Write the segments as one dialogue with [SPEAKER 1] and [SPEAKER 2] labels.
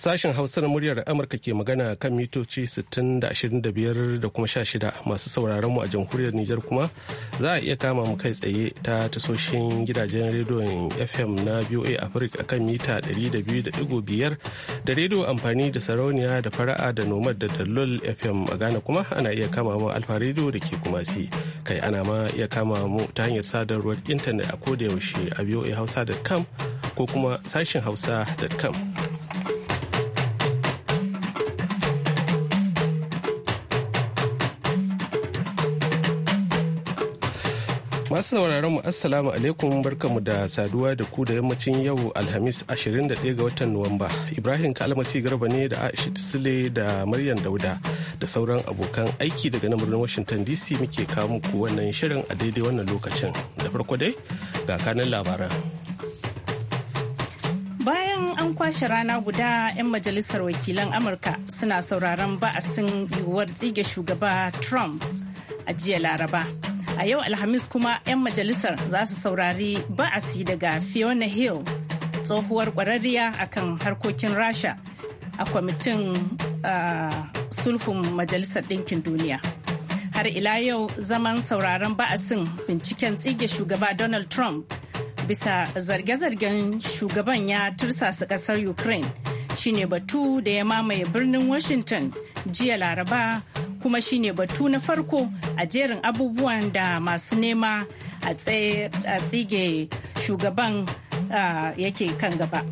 [SPEAKER 1] Sashen hausar na muryar Amurka ke magana kan mitoci 60 da 25 da kuma 16 masu sauraron mu a jamhuriyar Nijar kuma za a iya kama mu kai tsaye ta tasoshin gidajen rediyon FM na VOA Africa kan mita 200.5 da rediyo amfani da sarauniya da fara'a da nomad da dalol FM a Ghana kuma ana iya kama mu alfa rediyo da ke kuma si kai ana ma iya kama mu ta hanyar sadarwar intanet a kodayaushe a voahausa.com ko kuma sashen hausa.com. Masu sauraron mu Assalamu alaikum barkamu da saduwa da ku da yammacin yau Alhamis 21 ga watan Nuwamba. Ibrahim Kalmasi Garba ne da Aisha Sule da Maryam Dauda da sauran abokan aiki daga nan birnin Washington DC muke kawo muku wannan shirin a daidai wannan lokacin. Da farko dai ga kanan labaran.
[SPEAKER 2] Bayan an kwashe rana guda 'yan majalisar wakilan Amurka suna sauraron ba'asin yiwuwar tsige shugaba Trump a jiya Laraba. A yau Alhamis kuma 'yan majalisar za su saurari ba'asi daga Fiona Hill, tsohuwar kwararriya akan harkokin Rasha a kwamitin sulhun Majalisar Ɗinkin Duniya. Har ila yau zaman sauraron ba'asin binciken tsige shugaba Donald Trump bisa zarge-zargen shugaban ya tursasa ƙasar Ukraine shine batu da ya mamaye birnin Washington jiya Laraba kuma shine batu na farko a jerin abubuwan da masu nema a tsige shugaban yake kan gaba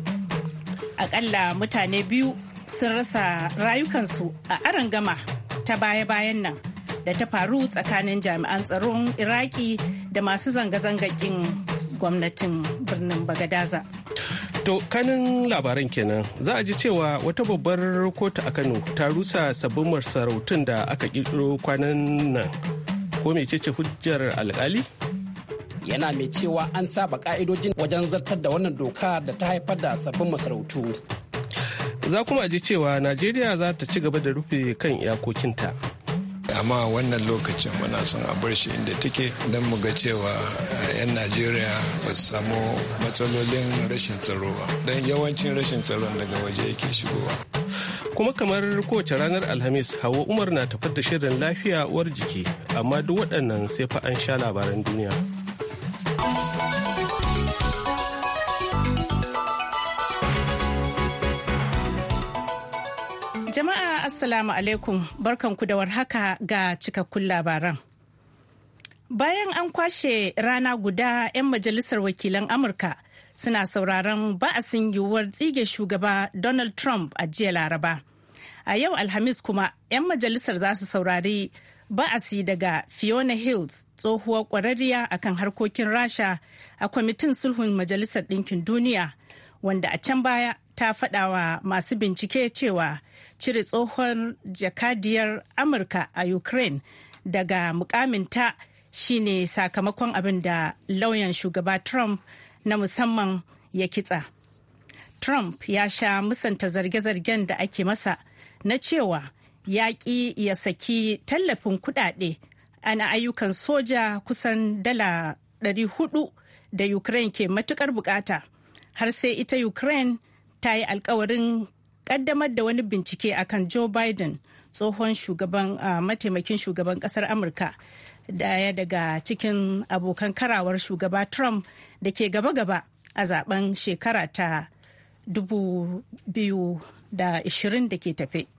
[SPEAKER 2] Aƙalla mutane biyu sun rasa rayukansu a gama ta baya-bayan nan da ta faru tsakanin jami'an tsaron iraki da masu zanga-zangakin gwamnatin birnin bagadaza
[SPEAKER 1] To kanin labaran kenan za a ji cewa wata babbar kotu a Kano ta rusa sabbin masarautun da aka kirkiro
[SPEAKER 3] kwanan nan. Ko mai ce hujjar alkali? Yana mai cewa an saba ka'idojin wajen zartar da wannan doka da ta haifar da sabbin masarautu.
[SPEAKER 1] Za kuma ji cewa Najeriya za ta ci gaba da rufe kan iyakokinta. amma wannan lokacin muna son a bar shi inda take don mu ga cewa eh, 'yan
[SPEAKER 4] najeriya ba su samu matsalolin rashin tsaro ba don yawancin rashin tsaro daga waje yake shigowa
[SPEAKER 1] kuma kamar kowace ranar alhamis hawa umar na tafar da shirin lafiya uwar jiki amma duk waɗannan sai fa an sha labaran duniya
[SPEAKER 2] jama'a Assalamu alaikum barkanku da warhaka ga cikakkun labaran. Bayan an kwashe rana guda 'yan majalisar wakilan Amurka suna sauraron ba'asin yiwuwar tsige shugaba Donald Trump a jiya Laraba. A yau Alhamis kuma 'yan majalisar za su saurari ba'asi daga Fiona Hills tsohuwar kwararriya akan harkokin Rasha a kwamitin sulhun Majalisar Ɗinkin Duniya wanda a can baya ta faɗawa masu bincike cewa cire tsohon jakadiyar amurka a ukraine daga mukaminta shine sakamakon abin da lauyan shugaba trump na musamman ya kitsa trump ya sha musanta zarge-zargen da ake masa na cewa yaƙi ya saki tallafin kuɗaɗe ana ayyukan soja kusan dala 400 da ukraine ke matukar bukata har sai ita ukraine ta yi alkawarin kaddamar da wani bincike akan joe biden tsohon shugaban ah, mataimakin shugaban kasar amurka daya daga cikin abokan karawar shugaba trump da ke gaba-gaba a zaben shekara ta 2020 da ke tafe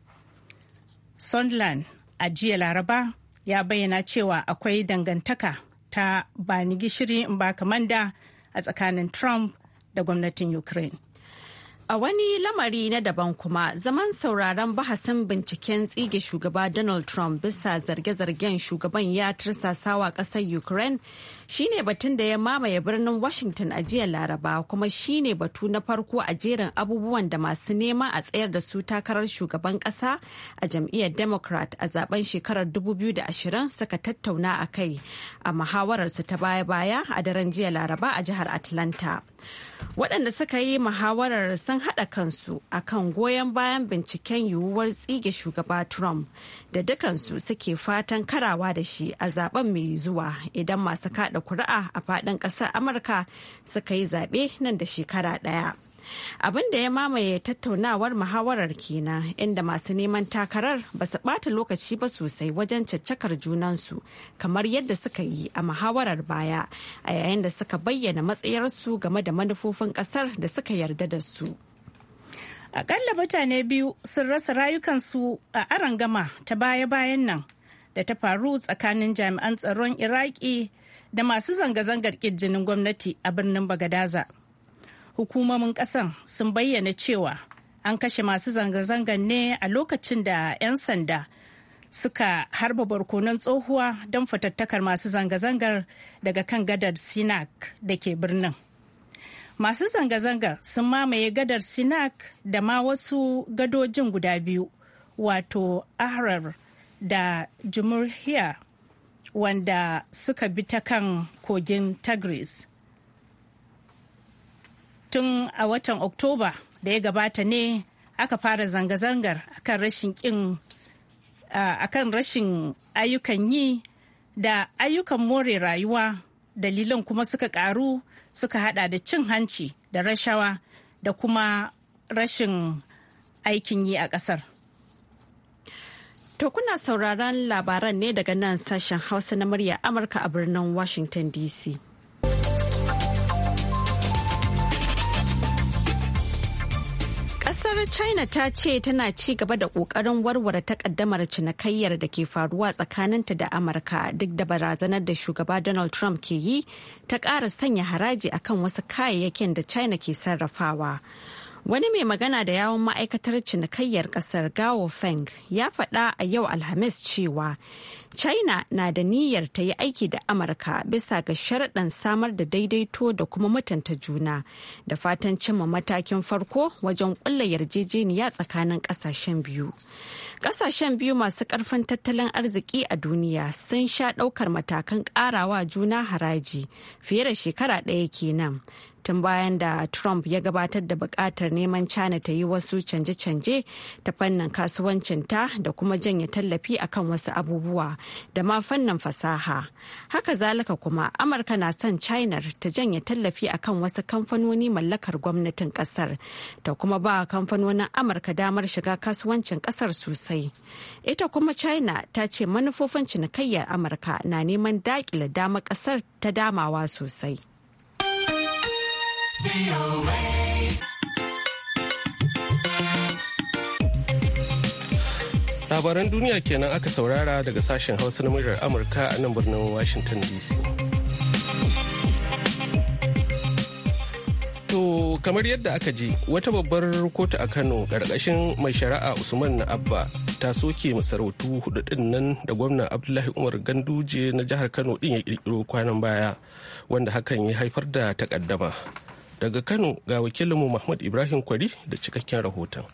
[SPEAKER 2] sunderland a jiya laraba ya bayyana cewa akwai dangantaka ta bani gishiri in ba kamanda a tsakanin trump da gwamnatin ukraine
[SPEAKER 5] A wani lamari na daban kuma zaman sauraron bahasin binciken tsige shugaba Donald Trump bisa zarge-zargen shugaban ya tursasawa ƙasar Ukraine shine batun da ya mamaye birnin Washington a jiya Laraba kuma shine batu na farko a jerin abubuwan da masu nema a tsayar da su takarar shugaban kasa a jam'iyyar Democrat a zaben shekarar 2020 suka tattauna a kai a muhawararsu ta baya-baya a daren jiya Laraba a jihar Atlanta. Waɗanda suka yi muhawarar sun haɗa kansu a kan goyon bayan binciken yiwuwar tsige shugaba Trump da dukansu suke fatan karawa da shi a zaben mai zuwa idan masu kaɗa da kuri'a a faɗin ƙasar amurka suka yi zaɓe nan da shekara ɗaya abin da ya mamaye tattaunawar muhawarar kenan inda masu neman takarar ba su ɓata lokaci ba sosai wajen caccakar junansu kamar yadda suka yi a muhawarar baya a yayin da suka
[SPEAKER 2] bayyana matsayarsu game da manufofin ƙasar da suka yarda da su. aƙalla mutane biyu sun rasa rayukansu a arangama ta baya-bayan nan da ta faru tsakanin jami'an tsaron iraki da masu zanga-zangar ƙirjinin gwamnati a birnin Bagadaza. Hukumomin ƙasan sun bayyana cewa an kashe masu zanga-zangar ne a lokacin da 'yan sanda suka harba barkonon tsohuwa don fatattakar masu zanga-zangar daga kan gadar Sinak da ke birnin. Masu zanga-zangar sun mamaye gadar Sinak da ma wasu gadojin guda biyu, wato Ahrar da Jumurhiyar wanda suka bi ta kan kogin Tigris. Tun a watan Oktoba da ya gabata ne aka fara zanga-zangar akan rashin rashin ayyukan yi da ayyukan more rayuwa dalilan kuma suka karu suka hada da cin hanci da rashawa da kuma rashin aikin yi a kasar. To kuna sauraron labaran
[SPEAKER 5] ne daga nan sashen Hausa na murya Amurka a birnin Washington DC. Kasar China ta ce tana ci gaba da ƙoƙarin warware takaddamar cinikayyar da ke faruwa tsakaninta da Amurka duk da barazanar da shugaba Donald Trump ke yi ta ƙara sanya haraji akan wasu kayayyakin da China ke sarrafawa. Wani mai magana da yawon ma'aikatar cinikayyar kasar Gao Feng ya faɗa a yau Alhamis cewa China na da niyyar ta yi aiki da Amurka bisa ga sharaɗan samar da daidaito da kuma mutunta juna da fatan cimma matakin farko wajen ƙulla yarjejeniya tsakanin ƙasashen biyu. Ƙasashen biyu masu ƙarfin tattalin arziki a duniya sun sha ɗaukar matakan ƙarawa juna haraji fiye da shekara ɗaya kenan tun bayan da Trump ya gabatar da bukatar neman China ta yi wasu canje-canje ta fannin kasuwancinta da kuma janye tallafi akan wasu abubuwa da ma fannin fasaha. Haka zalika kuma Amurka na son China ta janye tallafi akan wasu kamfanoni mallakar gwamnatin kasar ta kuma ba kamfanonin Amurka damar shiga kasuwancin kasar sosai. Ita kuma China ta ce manufofin cinikayyar Amurka na neman dakile damar kasar ta damawa sosai.
[SPEAKER 1] Labaran duniya kenan aka saurara daga sashen Hausa na muryar Amurka a nan birnin Washington DC. To kamar yadda aka ji wata babbar kotu a Kano ƙarƙashin mai shari'a Usman na Abba ta soke masarautu hudu din nan da gwamna abdullahi umar ganduje na jihar kano din ya kirkiro kwanan baya wanda hakan ya haifar
[SPEAKER 3] da takaddama daga kano ga wakilinmu mahmud ibrahim kwari da cikakken rahoton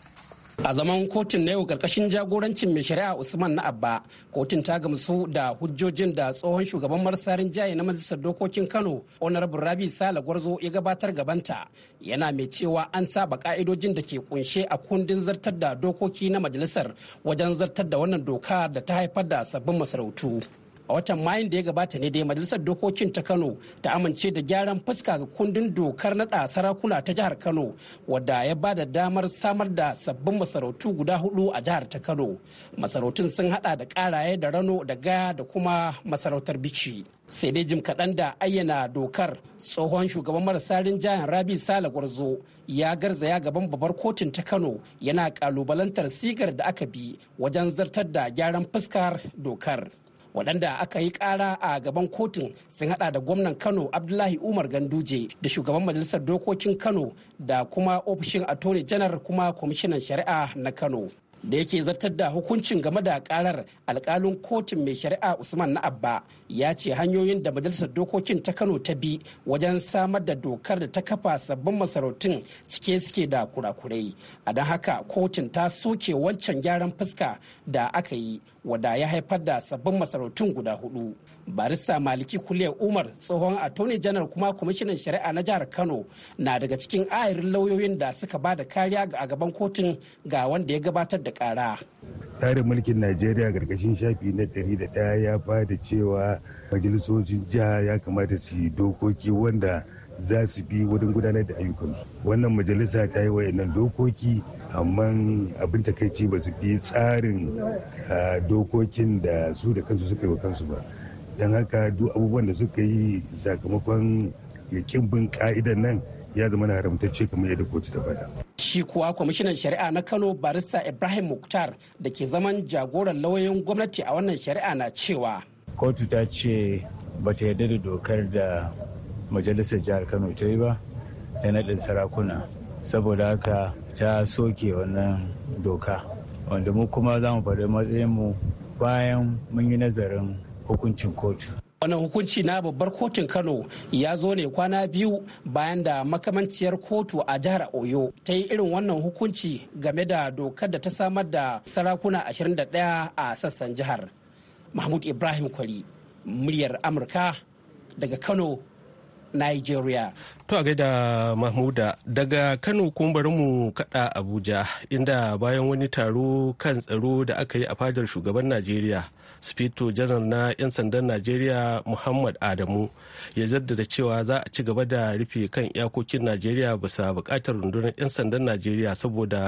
[SPEAKER 3] a zaman kotun na yau karkashin jagorancin mai shari'a usman na abba kotun ta gamsu da hujjojin da tsohon shugaban marasa rinjaye na majalisar dokokin kano honorable rabi sala gwarzo ya gabatar gabanta yana mai cewa an saba ka'idojin da ke kunshe a kundin zartar da dokoki na majalisar wajen zartar da wannan doka da ta haifar da sabbin masarautu a watan mayun da ya gabata ne dai majalisar dokokin ta kano ta amince da gyaran fuska ga kundin dokar naɗa sarakuna ta jihar kano wadda ya ba da damar samar da sabbin masarautu guda hudu a jihar ta kano masarautun sun hada da karaye da rano da gaya da kuma masarautar bici sai dai jim kaɗan da ayyana dokar tsohon shugaban marasa rinjayen rabi sale gwarzo ya garzaya gaban babbar kotun ta kano yana kalubalantar sigar da aka bi wajen zartar da gyaran fuskar dokar waɗanda aka yi ƙara a gaban kotun sun haɗa da gwamnan kano abdullahi umar ganduje da shugaban majalisar dokokin kano da kuma ofishin attorney janar kuma kwamishinan shari'a na kano da yake zartar da hukuncin game da karar alkalin kotun mai shari'a usman na abba ya ce hanyoyin da majalisar dokokin ta kano ta bi wajen samar da dokar da ta kafa sabbin masarautun cike suke da kurakurai a don haka kotun ta soke wancan gyaran fuska da aka yi wada ya haifar da sabbin masarautun guda hudu barista maliki kuliyar umar tsohon attorney janar kuma kwamishinan shari'a na jihar kano na daga cikin ayarin lauyoyin da suka ba da kariya a gaban kotun ga wanda ya gabatar da ƙara.
[SPEAKER 1] tsarin mulkin najeriya gargashin shafi na ɗari da ɗaya ya da cewa majalisocin jiha ya kamata su yi dokoki wanda za su bi wurin gudanar da ayyukan wannan majalisa ta yi wayannan dokoki amma abin takaici ba su bi tsarin dokokin da su da kansu suka yi wa kansu ba don haka duk abubuwan da suka yi sakamakon yakin bin ka'idan nan ya zama na haramtacce kamar yadda kotu ta faɗa.
[SPEAKER 3] Shi kuwa kwamishinan shari'a na Kano barista Ibrahim Mukhtar da ke zaman jagoran lauyoyin gwamnati a wannan shari'a na
[SPEAKER 4] cewa.
[SPEAKER 6] Kotu ta ce ba ta yarda da dokar da majalisar
[SPEAKER 4] jihar Kano ta yi ba ta naɗin sarakuna. Saboda haka ta soke wannan doka. Wanda mu kuma za mu faɗi matsayinmu bayan mun yi nazarin hukuncin kotu.
[SPEAKER 3] wannan hukunci na babbar kotun kano ya zo ne kwana biyu bayan da makamanciyar kotu a jihar oyo ta yi irin wannan hukunci game da dokar da ta samar da sarakuna 21 a sassan jihar mahmud ibrahim kwari muryar amurka daga kano Nigeria.
[SPEAKER 1] To a gaida Mahmuda daga Kano kun bari mu kada Abuja inda bayan wani taro kan tsaro da aka yi a fadar shugaban Najeriya sufeto janar na 'yan sandan najeriya muhammad adamu ya jaddada cewa za a ci gaba da rufe kan iyakokin najeriya bisa bukatar rundunar 'yan sandan najeriya saboda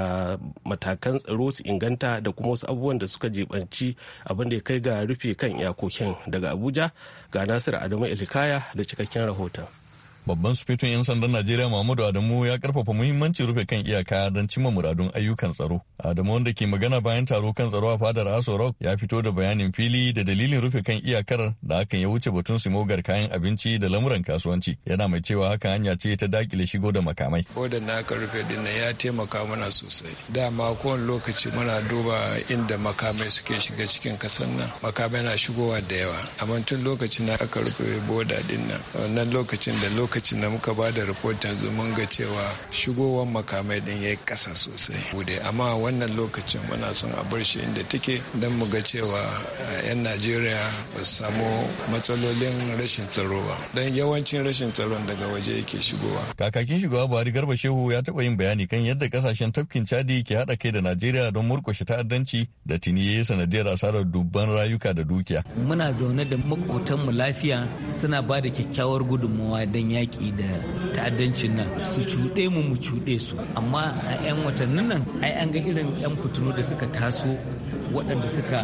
[SPEAKER 1] matakan tsaro su inganta da kuma wasu abubuwan da suka jibanci abin da ya kai ga rufe kan iyakokin daga abuja ga nasiru adamu ilikaya da cikakken rahoton Babban
[SPEAKER 6] sufetun 'yan sandan Najeriya Muhammadu Adamu ya karfafa muhimmancin rufe kan iyaka don cimma muradun ayyukan tsaro. Adamu wanda ke magana bayan taro kan tsaro a fadar Aso Rock ya fito da bayanin fili da dalilin rufe kan iyakar da hakan ya wuce batun simogar kayan abinci da lamuran kasuwanci. Yana mai cewa haka hanya ce ta dakile shigo da makamai.
[SPEAKER 4] Odan na aka rufe din ya taimaka mana sosai. Dama kowane lokaci muna duba inda makamai suke shiga cikin kasan nan. Makamai na shigowa da yawa. Amma tun lokacin na aka rufe boda din nan. Wannan lokacin da lokacin lokacin da muka ba da rahoton mun ga cewa shigowar makamai din ya yi ƙasa sosai bude
[SPEAKER 1] amma wannan lokacin muna son a bar shi inda take don mu ga cewa 'yan najeriya
[SPEAKER 4] ba su samu matsalolin rashin tsaro ba don yawancin rashin tsaron daga
[SPEAKER 6] waje yake shigowa kakakin shugaba buhari garba shehu ya taɓa yin bayani kan yadda kasashen tafkin chadi ke haɗa kai da najeriya don murkushe ta'addanci da tiniye ya sanadiyar asarar dubban rayuka da dukiya
[SPEAKER 3] muna zaune da makotanmu lafiya suna ba da kyakkyawar gudunmawa don yaki yaƙi da ta'addancin nan su cuɗe mu mu cuɗe su amma a 'yan watannin nan ai an ga irin 'yan fitinu da suka taso waɗanda suka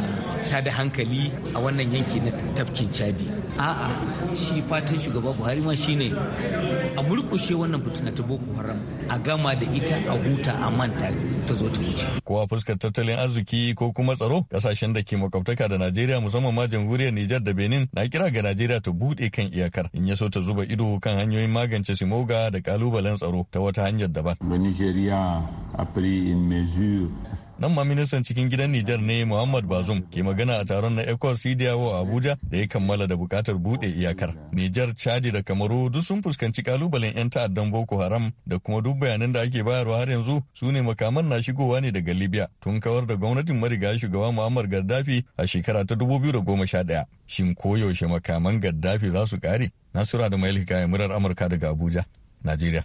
[SPEAKER 3] tada hankali a wannan yanki na tafkin chadi a'a shi fatan shugaba buhari ma shine a murƙushe wannan fitina ta boko haram a gama da ita a huta a manta ta zo ta
[SPEAKER 6] wuce kowa fuskar tattalin arziki ko kuma tsaro kasashen da ke makwabtaka da najeriya musamman ma jamhuriyar nijar da benin na kira ga najeriya ta buɗe kan iyakar in ya so ta zuba ido kan hanyoyin magance simoga da kalubalen tsaro ta wata hanyar daban. nan ma ministan cikin gidan Nijar ne Muhammad Bazum ke magana a taron na ECOWAS CDAO a Abuja da ya kammala da bukatar bude iyakar. Nijar, Chadi da Kamaru duk sun fuskanci kalubalen 'yan ta'addan Boko Haram da kuma duk bayanan da ake bayarwa har yanzu su ne makaman na shigowa ne daga Libya tun kawar da gwamnatin mariga shugaba muhammad Gaddafi a shekara ta 2011. Shin koyaushe makaman Gaddafi za su kare? Nasura da Mailika ya murar Amurka daga Abuja, Najeriya.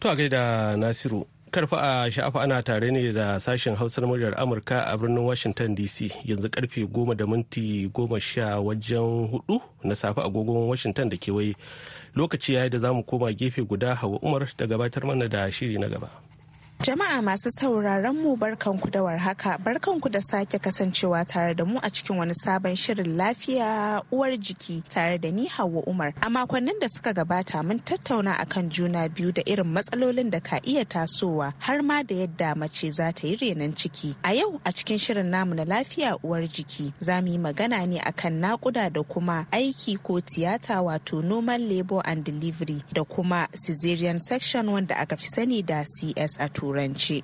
[SPEAKER 1] To a gaida Nasiru karfa a sha'afa ana tare ne da sashen hausar muryar amurka a birnin washington dc yanzu karfe goma da minti goma sha wajen hudu na safe agogon washington da kewaye lokaci yayi da zamu koma gefe guda hawa umar da gabatar mana da shiri na gaba.
[SPEAKER 7] Jama'a masu sauraron mu barkanku da warhaka barkanku da sake kasancewa tare da mu a cikin wani sabon shirin lafiya uwar jiki tare da ni Hauwa Umar. A makonnin da suka gabata mun tattauna akan juna biyu da irin matsalolin da ka iya tasowa har ma da yadda mace za ta yi renon ciki. A yau a cikin shirin namu na lafiya uwar jiki za mu yi magana ne akan nakuda da kuma aiki ko tiyata wato normal labor and delivery da kuma cesarean section wanda aka fi sani da CS a turai. turance.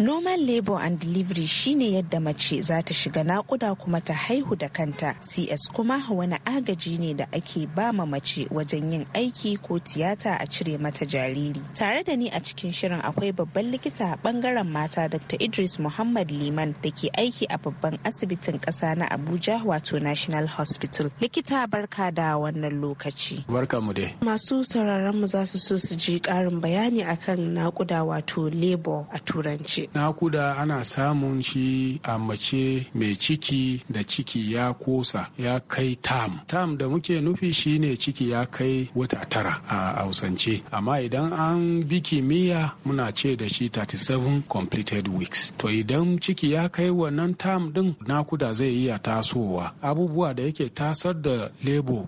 [SPEAKER 7] Normal labor and delivery shine yadda mace za ta shiga nakuda kuma ta haihu da kanta. CS kuma wani agaji ne da ake ba ma mace wajen yin aiki ko tiyata a cire mata jariri. Tare da ni a cikin shirin akwai babban likita a bangaren mata Dr. Idris Muhammad Liman da ke aiki a babban asibitin kasa na Abuja wato National Hospital. Likita barka
[SPEAKER 4] da wannan lokaci. Barka mu dai.
[SPEAKER 7] Masu sauraron mu za su so su ji ƙarin bayani akan nakuda wato labor a turanci.
[SPEAKER 4] nakuda ana samun shi a mace mai ciki da ciki ya kosa ya kai tam tam da muke nufi shine ciki ya kai wata tara a ausance. amma idan an bi kimiyya muna ce da shi 37 completed weeks to idan ciki ya kai wannan tam din nakuda zai iya tasowa abubuwa da yake tasar da lebo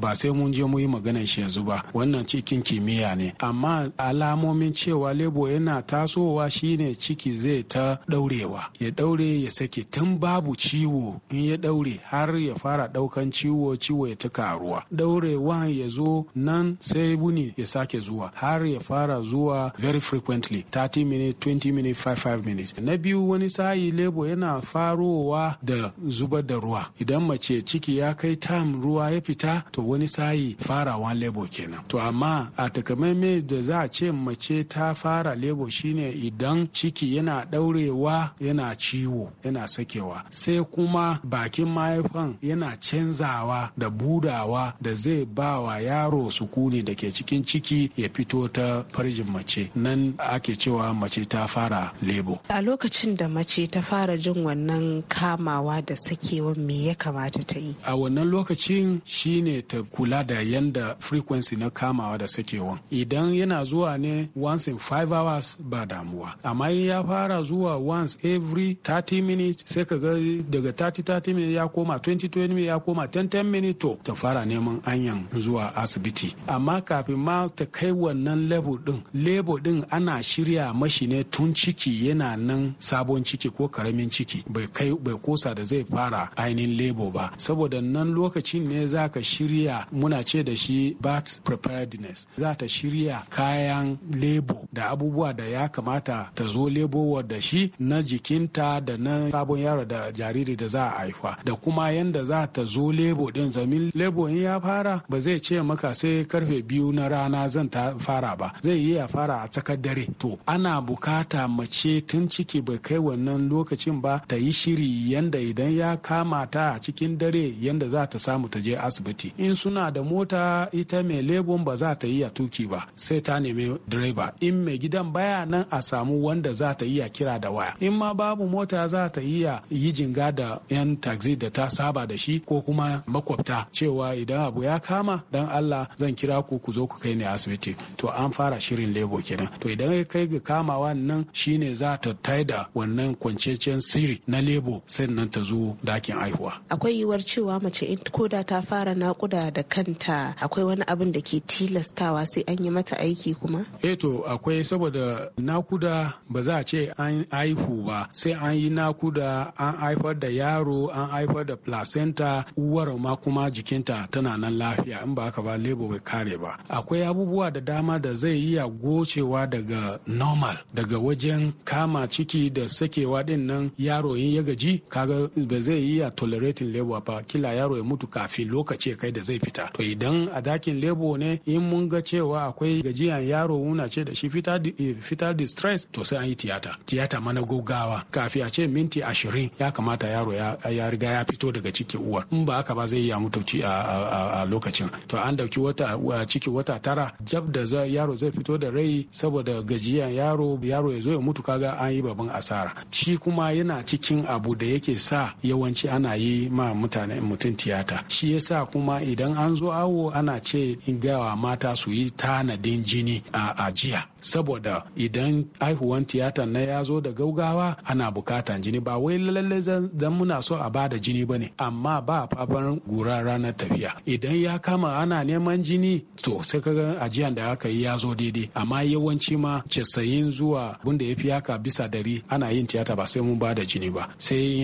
[SPEAKER 4] ba sai mun je mu yi maganar shi yanzu ba wannan cikin kimiyya ne amma alamomin cewa lebo yana tasowa shine ciki zai ta daurewa ya daure ya sake tun babu ciwo in ya daure har ya fara daukan ciwo ciwo ya ta karuwa daurewa ya zo nan sai wuni ya sake zuwa har ya fara zuwa very frequently 30 minutes 20 minutes 55 minutes na biyu wani sayi lebo yana farowa da zubar da ruwa idan mace ciki ya kai tam ruwa ya fita to wani sayi farawa lebo kenan to amma a takamaimai da za a ce mace ta fara lebo shine idan ciki ciki yana ɗaurewa yana ciwo yana sakewa sai kuma bakin mahaifan yana canzawa da budawa da zai ba wa yaro sukuni da ke cikin ciki ya fito ta farjin mace nan ake cewa mace ta fara lebo
[SPEAKER 7] a lokacin da mace ta fara jin wannan kamawa da sakewa me ya kamata ta yi
[SPEAKER 4] a wannan lokacin shine ta kula da yanda frequency na kamawa da sakewa idan yana zuwa ne once in five hours ba damuwa amma ya fara zuwa once every 30 minutes sai ka ga daga 30-30 minutes ya koma 20-20 ya koma 10-10 minutes to ta fara neman anyan zuwa asibiti amma kafin ma ta kai wannan level din level din ana shirya mashi ne tun ciki yana nan sabon ciki ko karamin ciki bai kai bai kosa da zai fara ainihin lebo ba saboda nan lokacin ne za ka shirya muna ce da shi birth preparedness za ta shirya kayan lebo da abubuwa da ya kamata ta zo lebo da shi na jikinta da na sabon yaro da jariri da za a haifa da kuma yanda za ta zo lebo din zamin lebo in ya fara ba zai ce maka sai karfe biyu na rana zan ta fara ba zai yi ya fara a tsakar dare to ana bukata mace tun ciki bai kai wannan lokacin ba ta yi shiri yanda idan ya kama ta a cikin dare yanda za ta samu ta je asibiti in suna da mota ita mai lebon ba za ta yi ya tuki ba sai ta nemi direba in mai gidan baya nan a samu wanda za ta iya kira da waya in ma babu mota za ta iya yi jinga da yan taxi da ta saba da shi ko kuma makwabta cewa idan abu ya kama dan Allah zan kira ku ku zo ku kai ni asibiti to an fara shirin lebo kenan to idan kai ga kamawa nan shine za ta taida wannan kwanciyar siri na lebo sannan ta zo dakin haihuwa
[SPEAKER 7] akwai yiwuwar cewa mace in koda ta fara nakuda da kanta akwai wani abin da ke tilastawa sai an yi mata aiki kuma
[SPEAKER 4] eh to akwai saboda nakuda ba za a ce an haihu ba sai an yi da an haifar da yaro an haifar da placenta uwar ma kuma jikinta tana nan lafiya in ba haka ba lebo bai kare ba akwai abubuwa da dama da zai iya gocewa daga normal daga wajen kama ciki da sakewa din nan yaro in ya gaji kaga ba zai iya tolerating lebo ba kila yaro ya mutu kafin lokaci kai da zai fita to idan a dakin lebo ne in mun ga cewa akwai gajiyan yaro muna ce da shi fita eh, distress to sai an yi tiyata tiyata mana gaggawa kafi a ce minti ashirin ya kamata yaro ya riga ya fito daga ciki uwa in ba haka ba zai iya mutu a lokacin to an dauki wata ciki wata tara jab da yaro zai fito da rai saboda gajiyan yaro yaro ya zo ya mutu kaga an yi babban asara shi kuma yana cikin abu da yake sa yawanci ana yi ma mutane mutum tiyata shi yasa kuma idan an zo awo ana ce gawa mata su yi tanadin jini a ajiya saboda idan haihuwan tiyatar na ya zo da gaugawa ana bukatan jini ba wai lalle zan muna so a bada jini bane amma ba faban gura ranar tafiya idan ya kama ana neman jini to sai kaga ajiyan da aka yi ya zo daidai amma yawanci ma casayin zuwa bunda ya fi haka bisa dari ana yin tiyata ba sai mun bada jini ba sai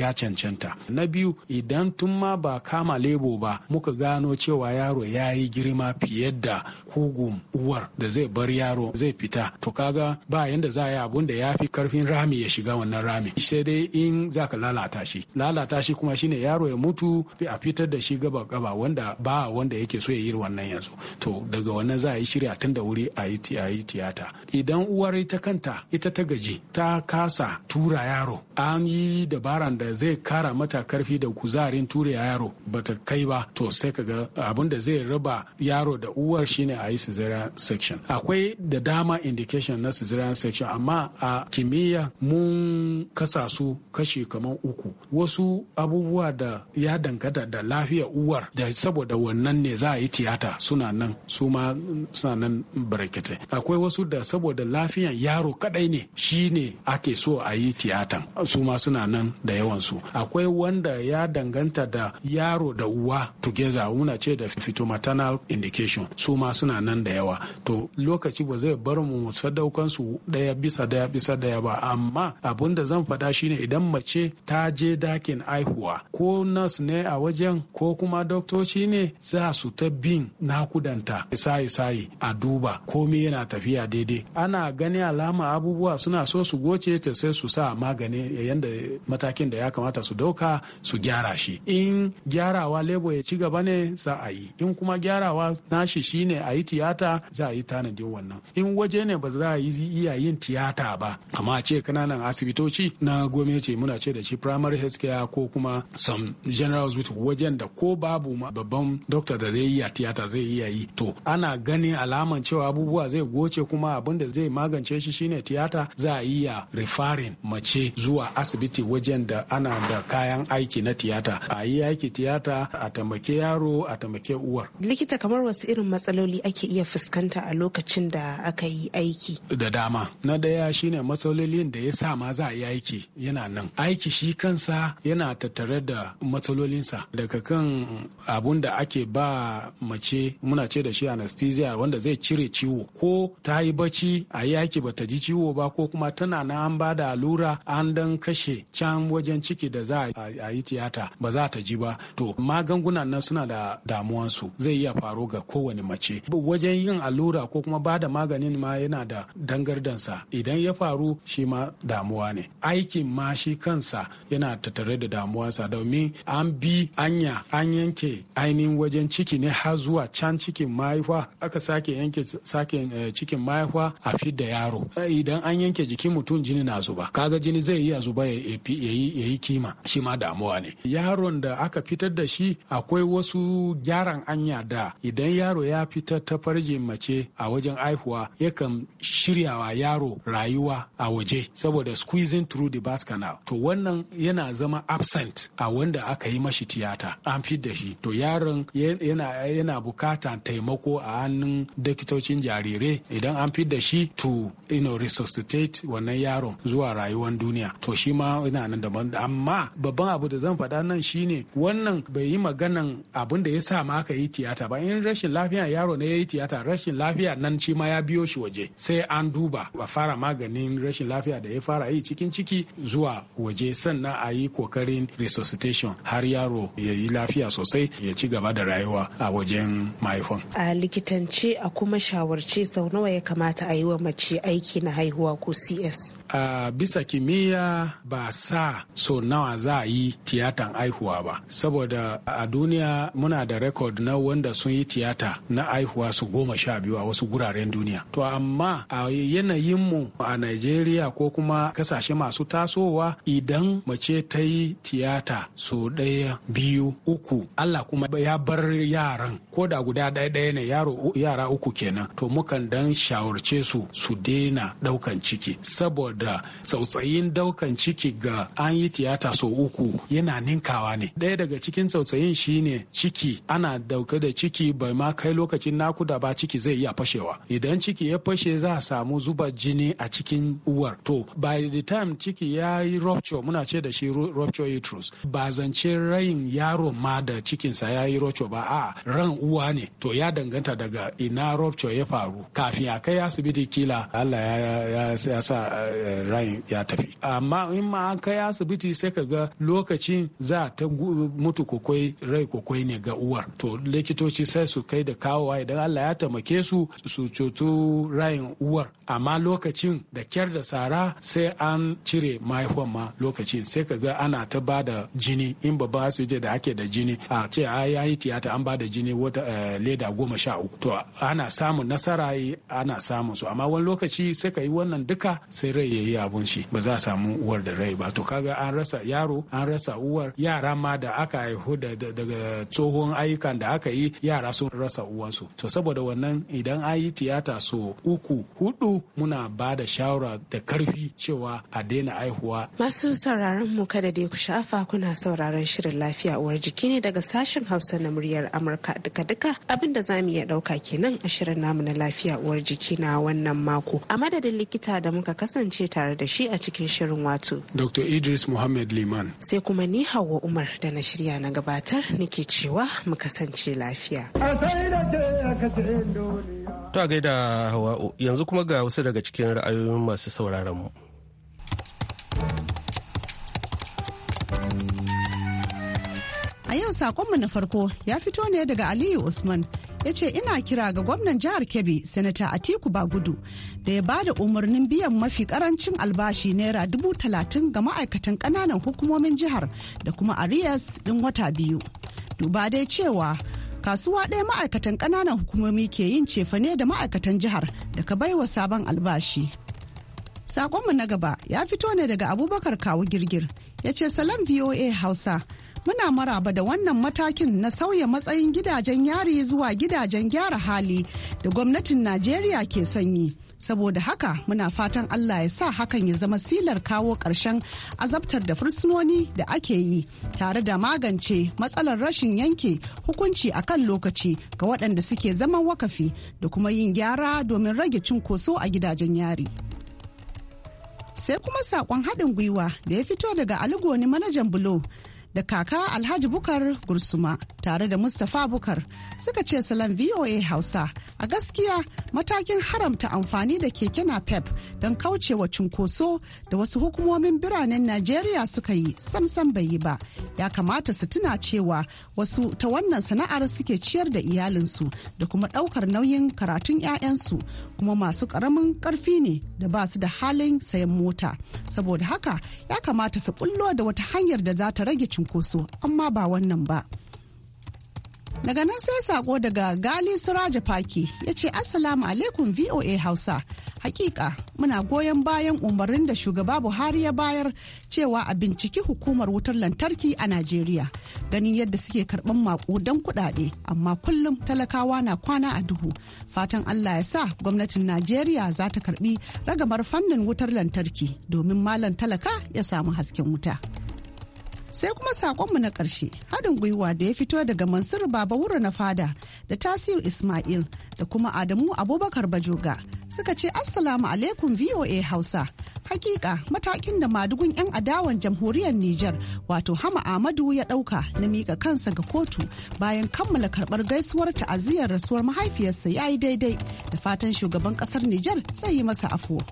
[SPEAKER 4] ya cancanta na biyu idan tun ma ba kama lebo ba muka gano cewa yaro ya yi girma fiye da kugun uwar da zai bar yaro zai fita to kaga ba yanda za a yi abun da ya fi karfin rami ya shiga wannan rami sai dai in za ka lalata shi lalata shi kuma shine yaro ya mutu a fitar da shi gaba gaba wanda ba wanda yake so ya yi wannan yanzu to daga wannan za a yi shirya tun da wuri a yi tiyata idan uwar ta kanta ita ta gaji ta kasa tura yaro an yi dabaran da zai kara mata karfi da kuzarin tura yaro bata kai ba to sai ka ga abun da zai raba yaro da uwar shine a yi section akwai da dama indication na cesarean section amma a kimiyya mun kasa su kashi kamar uku wasu abubuwa da ya dangata da lafiyar uwar da saboda wannan ne za a yi tiyata suna nan su ma suna nan barkatai akwai wasu da saboda lafiyan yaro kadai ne shi ne ake so a yi tiyatan su ma suna nan da yawansu akwai wanda ya danganta da yaro da uwa together muna ce da maternal indication su ma suna nan da yawa to lokaci ba zai dole barin mu sadaukan su daya bisa daya bisa daya ba amma abun da zan faɗa shine idan mace ta je dakin aihuwa ko nas ne a wajen ko kuma doktoci ne za su ta bin nakudanta isayi sayi a duba komai yana tafiya daidai ana gani alama abubuwa suna so su goce ta sai su sa magani yanda matakin da ya kamata su dauka su gyara shi in gyarawa lebo ya ci gaba ne za a yi in kuma gyarawa nashi shine a yi tiyata za a yi tanadin wannan in waje ne ba za a yi iya yin tiyata ba amma a ce kananan asibitoci na gwamnati muna ce da shi primary health care ko kuma some general hospital wajen da ko babu ma. babban doctor da zai iya tiyata zai iya yi to ana ganin alaman cewa abubuwa zai goce kuma abin da zai magance shi shine tiyata za a iya referring mace zuwa asibiti wajen da ana da kayan aiki na tiyata a yi aiki tiyata a taimake yaro a taimake uwar
[SPEAKER 7] likita kamar wasu irin matsaloli ake iya fuskanta a lokacin da aka yi aiki
[SPEAKER 4] da dama na daya shine matsalolin da ya sa ma za a yi aiki yana nan aiki shi kansa yana tattare da matsalolinsa daga kan abun da ake ba mace muna ce da shi anesthesia wanda zai cire ciwo ko ta yi bacci a yi aiki ba ta ji ciwo ba ko kuma tana na an ba da allura an dan kashe can wajen ciki da za a yi tiyata ba za ta ji ba to magungunan nan suna da damuwansu zai iya faru ga kowane mace wajen yin allura ko kuma ba da maganin ma yana da dangardansa idan ya faru shi ma damuwa ne aikin ma shi kansa yana tattare da damuwarsa domin an bi anya an yanke ainihin wajen ciki ne har zuwa can cikin mahaifa aka sake yanke sake eh, cikin mahaifa a da yaro idan an yanke jikin mutum jini na zuba kaga jini zai iya zuba ya yi kima shi ma damuwa ne yaron da aka fitar da shi akwai wasu gyaran anya da idan yaro ya fitar ta farjin mace a wajen aihuwa yakan shiryawa yaro rayuwa a waje saboda squeezing through the birth canal to wannan yana zama absent a wanda aka yi mashi tiyata an da shi to yaron yana yana bukatan taimako a hannun dakitocin jarirai idan an fit-da shi to you know, resuscitate wannan yaron zuwa rayuwan duniya to shi ma yana nan daban amma babban abu da zan faɗa nan shine wannan bai yi maganan abin da ya sa ma aka yi tiyata ba in rashin lafiya yaro ne ya yi tiyata rashin lafiya nan shi ma ya bi biyo shi waje sai an duba a fara maganin rashin lafiya da ya fara yi cikin ciki zuwa waje sannan a yi kokarin resuscitation har yaro ya yi lafiya sosai ya ci gaba da rayuwa a wajen mahaifan.
[SPEAKER 7] A likitance a kuma shawarce sau nawa ya kamata a yi wa mace aiki na haihuwa ko CS.
[SPEAKER 4] A bisa kimiyya ba sa so nawa za a yi tiyatan haihuwa ba saboda a duniya muna da rekod na wanda sun yi tiyata na haihuwa su goma sha biyu a wasu guraren duniya to amma a yanayin mu a Najeriya ko kuma kasashe masu tasowa idan mace ta yi tiyata so ɗaya biyu uku Allah kuma ya bar yaran ko da guda ɗaya ɗaya ne yara uku kenan to mukan dan shawarce su su daina ɗaukan ciki saboda tsautsayin ɗaukan ciki ga an yi tiyata so uku yana ninkawa ne ɗaya daga cikin tsautsayin shine ciki ana dauke da ciki bai ma kai lokacin nakuda ba ciki zai iya fashewa idan ciki ciki ya fashe za a samu zuba jini a cikin uwar to by the time ciki ya yi rupture muna ce da shi rupture uterus ba zance rayin yaro ma da cikinsa ya yi rupture ba a ran uwa ne to ya danganta daga ina rupture ya faru kafin a kai asibiti kila Allah ya sa eh, rayin ya tafi amma in ma an kai asibiti sai ka ga lokacin za ta mutu kokwai rai kokwai ne ga uwar to likitoci sai su kai da kawowa idan Allah ya taimake su su cutu rayin uwar amma lokacin da kyar da sara sai an cire mahaifan ma lokacin sai ka ga ana ta ba da jini in babban asibiti da ake da jini a ce a yi tiyata an ba da jini wata eh, leda goma sha uku to ana samun nasara eh, ana samun su amma wani lokaci sai ka yi wannan duka sai rai ya yi abun shi ba za a samu uwar da rai ba to kaga an rasa yaro an rasa uwar yara ma da aka haihu daga tsohon ayyukan da aka yi yara sun rasa uwansu to saboda wannan idan an yi tiyata su so uku hudu muna ba da shawara da karfi cewa a daina aihuwa.
[SPEAKER 7] Masu sauraron mu kada dai ku shafa kuna sauraron shirin lafiya uwar jiki ne daga sashen Hausa na muryar Amurka duka-duka abin da za mu iya dauka kenan a shirin namu na lafiya uwar jiki na wannan mako. A madadin likita da muka kasance tare da shi a cikin shirin wato.
[SPEAKER 4] Dr. Idris Muhammad Liman.
[SPEAKER 7] Sai kuma ni Hauwa Umar da na shirya na gabatar nake cewa mu kasance lafiya.
[SPEAKER 3] A sai da ce ka ce dole.
[SPEAKER 1] To a gaida hawa yanzu kuma ga wasu daga cikin ra'ayoyin masu sauraron mu.
[SPEAKER 8] A yau sakonmu na farko ya fito ne daga Aliyu Usman ya ce ina kira ga gwamnan jihar Kebbi Sanata Atiku Bagudu da ya bada umarnin biyan mafi karancin albashi naira dubu talatin ga ma'aikatan kananan hukumomin jihar da kuma Arias din wata biyu. Duba dai cewa kasuwa ɗaya ma'aikatan ƙananan hukumomi ke yin cefane da ma'aikatan jihar daga baiwa sabon albashi saƙonmu na gaba ya fito ne daga abubakar kawu girgir ya ce salam voa hausa muna maraba da wannan matakin na sauya matsayin gidajen yari zuwa gidajen gyara hali da gwamnatin najeriya ke sanyi. saboda haka muna fatan allah ya sa hakan ya zama silar kawo ƙarshen azabtar da fursunoni da ake yi tare da magance matsalar rashin yanke hukunci a kan lokaci ga waɗanda suke zaman wakafi da kuma yin gyara domin rage cunkoso a gidajen yari. sai kuma saƙon haɗin gwiwa da ya fito daga aligoni manajan bulo da kaka alhaji bukar gursuma tare da mustapha bukar suka ce salam voa hausa A gaskiya matakin haramta amfani da keke na pep don kaucewa cunkoso da wasu hukumomin biranen Najeriya suka yi samsam bai yi ba. Ya kamata su tuna cewa wasu ta wannan sana'ar suke ciyar da iyalinsu da kuma daukar nauyin karatun 'ya'yansu kuma masu karamin karfi ne da ba su da halin sayan mota. Saboda haka ya kamata su da wata hanyar da za ta rage cunkoso amma ba wannan ba. Daga nan sai sako daga Gali Suraja Faki ya ce Assalamu alaikum VOA Hausa. Hakika muna goyon bayan umarnin da shugaba Buhari ya bayar cewa a binciki hukumar wutar lantarki a Najeriya. Ganin yadda suke karɓar makudan kuɗaɗe amma kullum talakawa na kwana a duhu. Fatan Allah ya sa gwamnatin Najeriya za ta karɓi ragamar fannin wutar lantarki domin malam talaka ya samu hasken wuta. sai kuma sakonmu na ƙarshe haɗin gwiwa da ya fito daga mansur baba wuro na fada da tasiu ismail da kuma adamu abubakar bajoga suka ce assalamu alaikum voa hausa hakika matakin da madugun 'yan adawan jamhuriyar niger wato Hama amadu ya ɗauka na mika kansa ga kotu bayan kammala karbar gaisuwar ta'aziyar rasuwar mahaifiyarsa ya yi daidai da fatan shugaban kasar niger zai yi masa afuwa.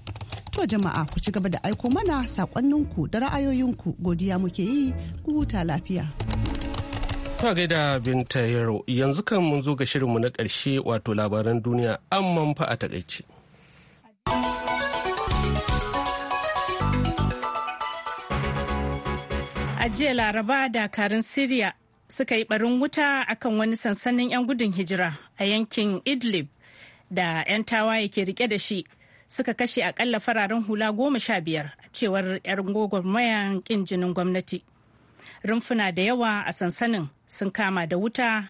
[SPEAKER 8] To jama'a ku ci gaba da aiko mana sakonninku da ra'ayoyinku godiya muke yi ku huta lafiya.
[SPEAKER 1] Ta gaida binta yaro yanzu kan mun zo ga shirinmu na ƙarshe wato labaran duniya an fa a takaice.
[SPEAKER 2] A jiya laraba dakarun Siriya suka yi barin wuta akan wani sansanin 'yan gudun hijira a yankin Idlib da 'yan tawaye ke rike da shi. suka kashe akalla fararen hula goma sha biyar a cewar 'yar gwagwarmayan kin jinin gwamnati rumfuna da yawa a sansanin sun kama da wuta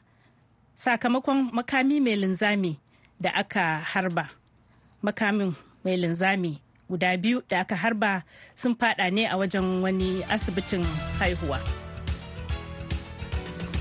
[SPEAKER 2] sakamakon makami mai linzami da aka harba makamin mai linzami guda biyu da aka harba sun fada ne a wajen wani asibitin haihuwa.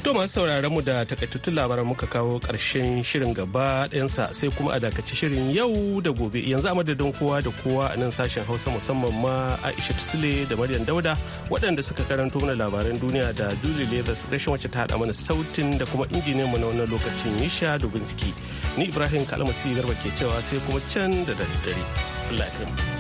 [SPEAKER 1] To masu sauraron mu da takaitattun labaran muka kawo ƙarshen shirin gaba ɗayansa sai kuma a dakaci shirin yau da gobe yanzu a madadin kowa da kowa a nan sashen Hausa musamman ma Aisha Tusile da Maryam Dauda waɗanda suka karanto mana labaran duniya da Julie Leathers rashin wacce ta haɗa mana sautin da kuma injiniyan mu na wannan lokacin Yisha Dubinski. Ni Ibrahim Kalmasi Garba ke cewa sai kuma can da daddare. Allah ya